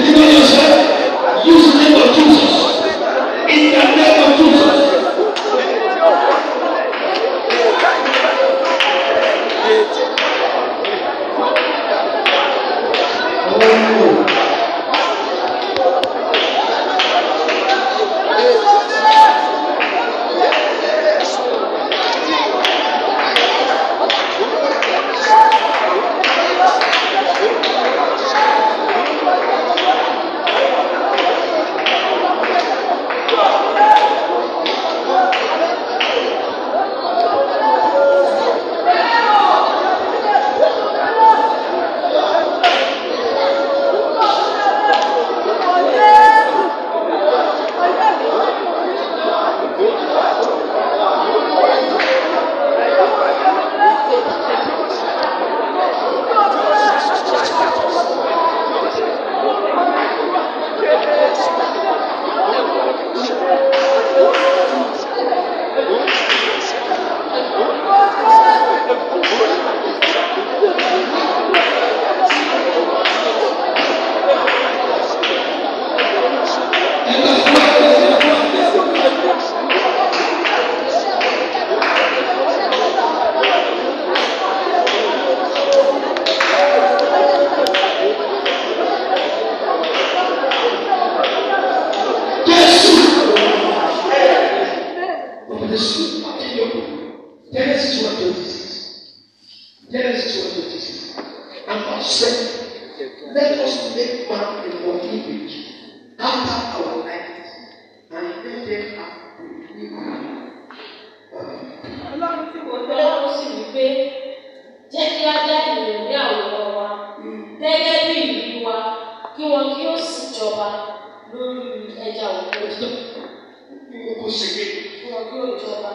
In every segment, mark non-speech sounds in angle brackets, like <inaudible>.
Yeah. <laughs> wípé jẹ́ kí á dá ènìyàn ní àwòrán wa gẹ́gẹ́ bí ìlú wa kí wọn kí ó sì jọba lórí ẹja òkú. Kó Kí wọn kí ó jọba.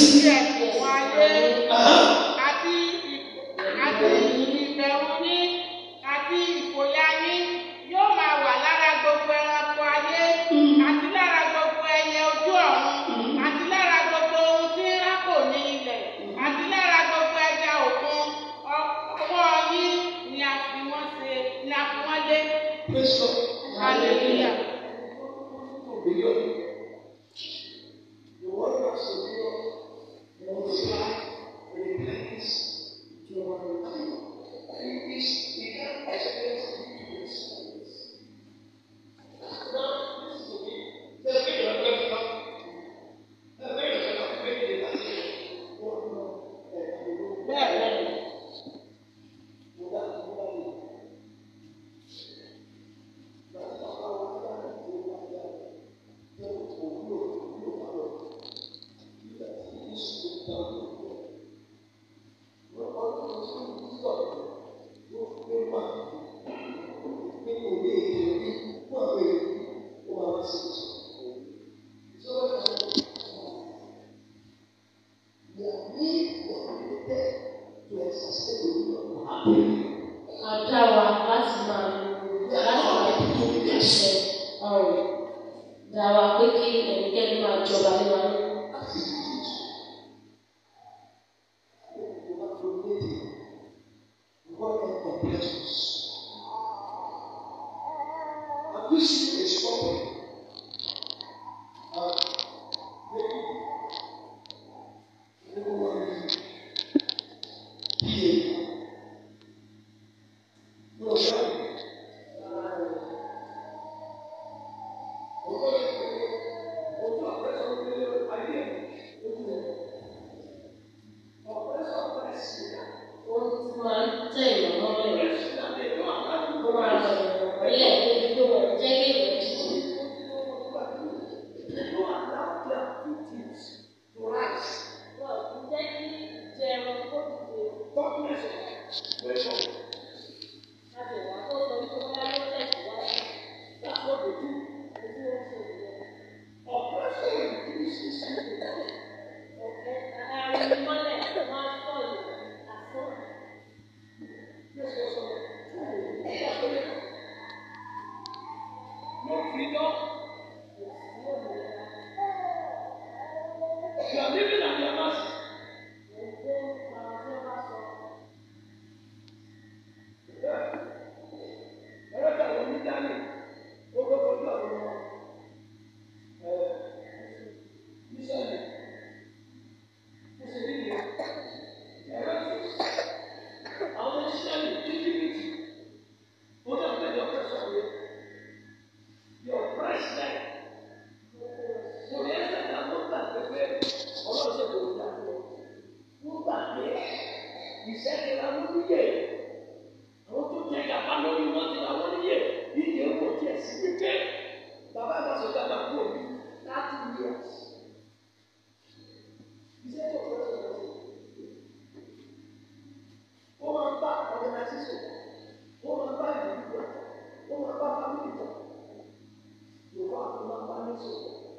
幸福花圈。Mama Mazu.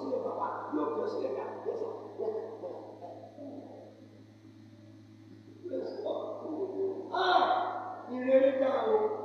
sílẹ̀ bàbá yóò fi ọ sílẹ̀ ká yẹsà yẹsà yẹsà. Praise